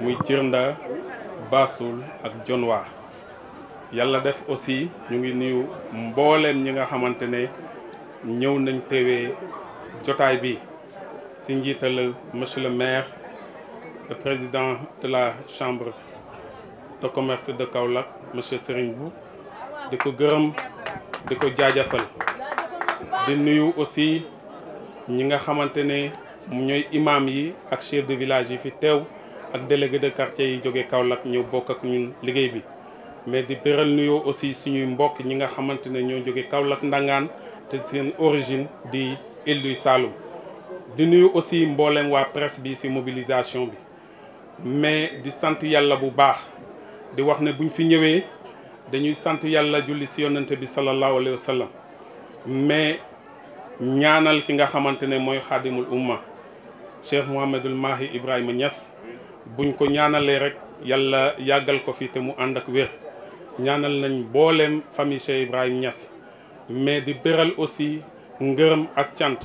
muy Jirnda Bassoul ak Jonwa yàlla def aussi ñu ngi nuyu mbooleem ñi nga xamante ne ñëw nañ teewee jotaay bi si njiital monsieur le maire le président de la chambre de commerce de Kaolack monsieur Serigne bu di ko gërëm di ko jaajafal di nuyu aussi ñi nga xamante ne mu ñooy imaam yi ak chef de village yi fi teew ak délégué de quartier yi jóge Kaolack ñëw bokk ak ñun liggéey bi mais di bëral nuyoo aussi suñuy mbokk ñi nga xamante ne ñoo jóge Kaolack ndangaan te seen origine di île du di nuyoo aussi mboolem waa presse bi ci mobilisation bi mais di sant yàlla bu baax di wax ne buñ fi ñëwee dañuy sant yàlla julli ci yonante bi sallallahu alayhi wa mais ñaanal ki nga xamante ne mooy xaadimul umma Cheikh Mouhamadul Mahi Ibrahima Niass buñ ko ñaanalee rek yàlla yàggal ko fi te mu ànd ak wér ñaanal nañ booleem famille Cheikh Ibrahim Niass mais di béral aussi ngërëm ak cant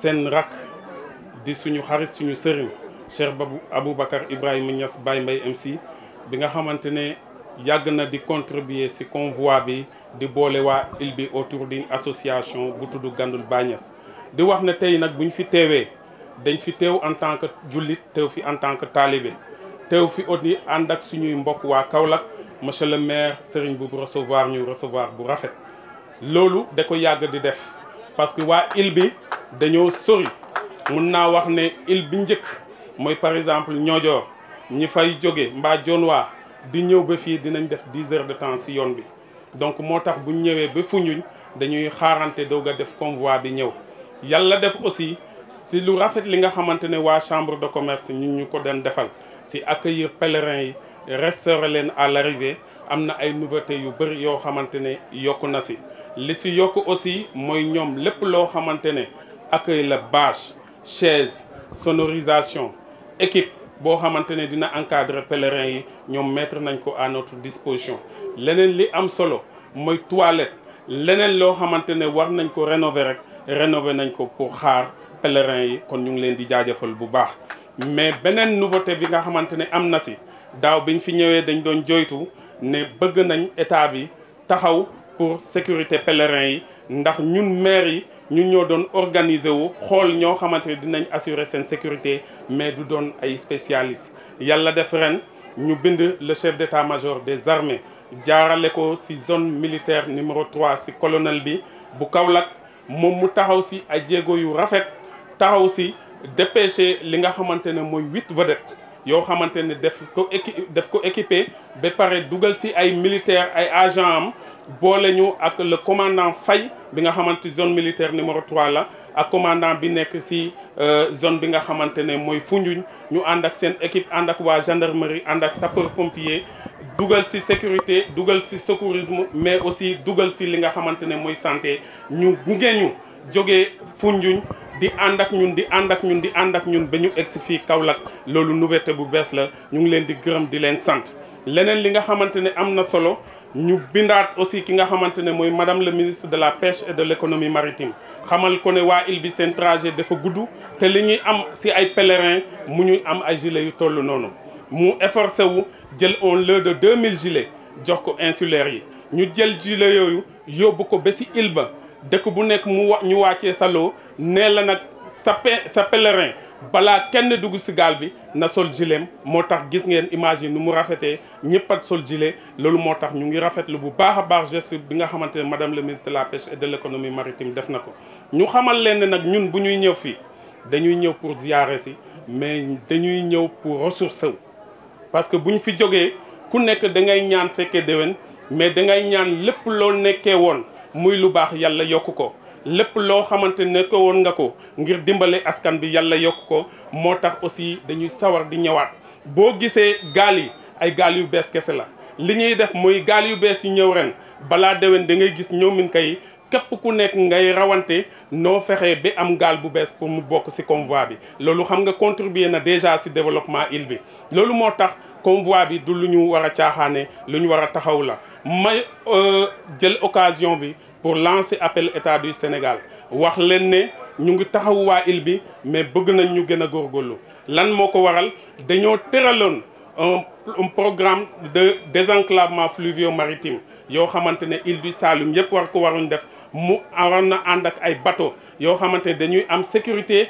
seen rakk di suñu xarit suñu sëriñ Cheikh Babu Aboubacar Ibrahima Niass mbay Mbaye si bi nga xamante ne yàgg na di contribuer ci convoi bi di boole waa il bi autour d'une association bu tudd Gandoul Baye Niass di wax ne tey nag buñ fi teewee dañ fi teew en tant que jullit teew fi en tant que taalibe teew fi aussi ànd ak suñuy mbokk waa Kaolack monsieur le maire Serigne Boubou recevoir ñu recevoir bu rafet loolu da ko yàgg di def parce que waa île bi dañoo sori mun naa wax ne île bi njëkk mooy par exemple Niodior ñi fay jóge mbaa waa di ñëw ba fii dinañ def dix heures de temps si yoon bi donc moo tax bu ñëwee ba Foundiougne dañuy xaarante doog a def convoie di ñëw yàlla def aussi ci lu rafet li nga xamante ne waa chambre de commerce ñun ñu ko doon defal si accueillir pèlerins yi restaurer leen à l'arrivée am na ay nouveautés yu bëri yoo xamante ne yokk na si li si yokk aussi mooy ñoom lépp loo xamante ne accueil la bâche chaise sonorisation équipe boo xamante ne dina encadrer pèlerins yi ñoom mettre nañ ko à notre disposition leneen li am solo mooy toilette leneen loo xamante ne war nañ ko rénover rek rénover nañ ko pour xaar pèlerins yi kon ñu ngi leen di jaajëfal bu baax mais beneen nouveauté bi nga xamante ne am na si daaw bi ñu fi ñëwee dañ doon joytu ne bëgg nañ état bi taxaw pour sécurité pèlerins yi ndax ñun maire yi ñun ñoo doon organiser wu xool ñoo xamante ne dinañ assurer seen sécurité mais du doon ay spécialistes yàlla def ren ñu bind le chef d'état-major des armées jaarale ko ci zone militaire numéro 3 ci colonel bi bu Kaolack moom mu taxaw ci ay jéego yu rafet taxaw si dépêché li nga xamante ne mooy huit vedettes yoo xamante ne def ko équipe def ko équipé ba pare dugal si ay militaires ay agents am boole ñu ak le commandant fay bi nga xamante zone militaire numéro trois la ak commandant bi nekk si euh, zone bi nga xamante ne mooy Foundiougne ñu ànd ak seen équipe ànd ak waa gendarmerie ànd ak sapeur pompier dugal si sécurité dugal si secourisme mais aussi dugal si li nga xamante ne mooy santé ñu gunge ñu jógee Foundiougne di ànd ak ñun di ànd ak ñun di ànd ak ñun ba ñu egsi fii Kaolack loolu nouveauté bu bees la ñu ngi leen di gërëm di leen sant leneen li nga xamante ne am na solo ñu bindaat aussi ki nga xamante ne mooy madame le ministre de la pêche et de l'économie maritime xamal ko ne waa il bi seen trajet dafa gudd te li ñuy am si ay pèlerins mu ñuy am ay gilets yu toll noonu mu efforcé wu jël on lot de 2000 gilets jox ko insulaires yi ñu jël gilets yooyu yóbbu ko ba si île ba dëkk bu nekk mu ñu wàccee sa loo nee la nag sa pe sa pelerin balaa kenn dugg si gaal bi na sol jileem moo tax gis ngeen image yi nu mu rafetee ñëpp ak sol gilet loolu moo tax ñu ngi rafetlu bu baax a baax geste bi nga xamante ne madame le ministre de la pêche et de l' économie maritime def na ko. ñu xamal leen ne nag ñun bu ñuy ñëw fii dañuy ñëw pour ziyaare si mais dañuy ñëw pour ressource wu parce que bu ñu fi jógee ku nekk da ngay ñaan fekkee déwén mais da ngay ñaan lépp loo nekkee woon. muy lu baax yàlla yokk ko lépp loo xamante ne ko nga ko ngir dimbale askan bi yàlla yokk ko moo tax aussi dañuy sawar di ñëwaat boo gisee gaal yi ay gaal yu bees kese la li ñuy def mooy gaal yu bees yi ñëw ren balaa déwén da ngay gis ñoomin kay képp ku nekk ngay rawante noo fexe bi am gaal bu bees pour mu bokk ci convoi bi loolu xam nga contribuer na déjà ci développement île bi loolu moo tax convoi bi du lu ñu war a caaxaane lu ñu war a taxaw la may euh, jël occasion bi pour lancer appel état du Sénégal wax leen ne ñu ngi taxawu waa île bi mais bëgg nañ ñu gën a góorgóorlu lan moo ko waral dañoo tëraloon un programme de désenclavement fluvio-maritime yoo xamante ne île du Saloum yëpp war ko waruñ def mu waroon na ànd ak ay bateau yoo xamante ne dañuy am sécurité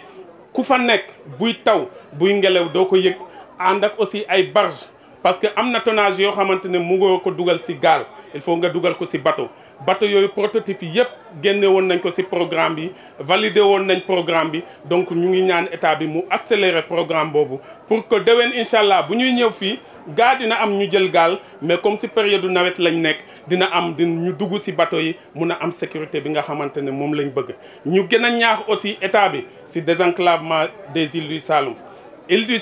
ku fa nekk buy taw buy ngelaw doo ko yëg ànd ak aussi ay barge parce que am na tonnage yoo xamante ne mu ngoo ko dugal ci gaal il faut nga dugal ko ci bateau bateau yooyu prototype yépp génne woon nañ ko ci programme bi validé woon nañ programme bi donc ñu ngi ñaan état bi mu accélérer programme boobu pour que déwén incha allah bu ñuy ñëw fii gaa dina am ñu jël gaal mais comme ci période nawet lañ nekk dina am di ñu dugg ci bateau yi mun a am sécurité bi nga xamante ne moom lañ bëgg ñu gën a ñaax aussi état bi ci désenclavement des îles du Saloum île du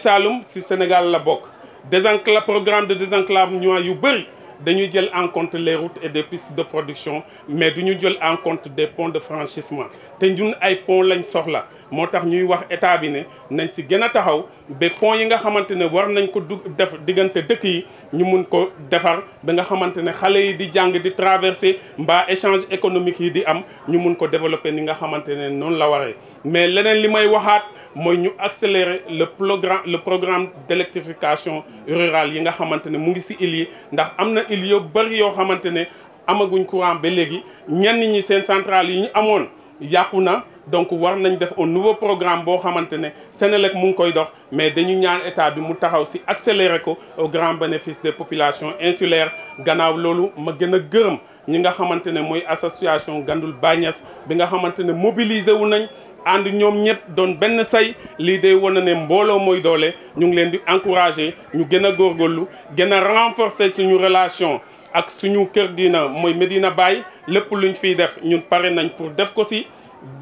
Sénégal la bokk désenclave programme de désenclavement yu bëri dañuy jël en compte les routes et des pistes de production mais duñu jël en compte des ponts de franchissement te ñun ay pont lañ soxla moo tax ñuy wax état bi ne nañ si gën a taxaw ba pont yi nga xamante ne war nañ ko def diggante dëkk yi ñu mun ko defar ba nga xamante ne xale yi di jàng di traverser mbaa échange économique yi di am ñu mun ko développer ni nga xamante ne noonu la waree. mais leneen li may waxaat mooy ñu accélérer le programme le programme d'électrification rurale yi nga xamante ne mu ngi si îles yi ndax am na îles yu bëri yoo xamante ne amaguñ courant ba léegi ñenn ñi seen centrale yi ñu amoon. yàqu na donc war nañ def un nouveau programme boo xamante ne Sénélec mu ngi koy dox mais dañu ñaan état bi mu taxaw si accélérer ko au grand bénéfice des populations insulaires gannaaw loolu ma gën a gërëm ñi nga xamante ne mooy association gandul Bagnès bi nga xamante ne mobiliser wu nañ ànd ñoom ñëpp doon benn say lii day wane ne mbooloo mooy doole ñu ngi leen di encourager ñu gën a góorgóorlu gën a renforcer suñu relation ak suñu kër diina mooy Medina Baye lépp luñ fiy def ñun pare nañ pour def ko si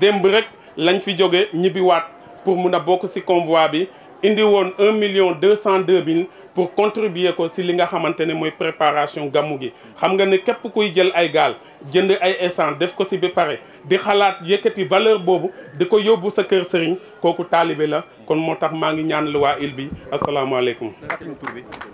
démb rek lañ fi jóge ñibbiwaat pour mun a bokk si convoi bi indi woon un million deux cent deux mille pour contribuer ko si li nga xamante ne mooy préparation gàmmu gi xam nga ne képp kuy jël ay gaal jënd ay essence def ko si ba pare di xalaat yëkkati valeur boobu di ko yóbbu sa kër sëriñ kooku taalibe la kon moo tax maa ngi ñaan lu bi il bi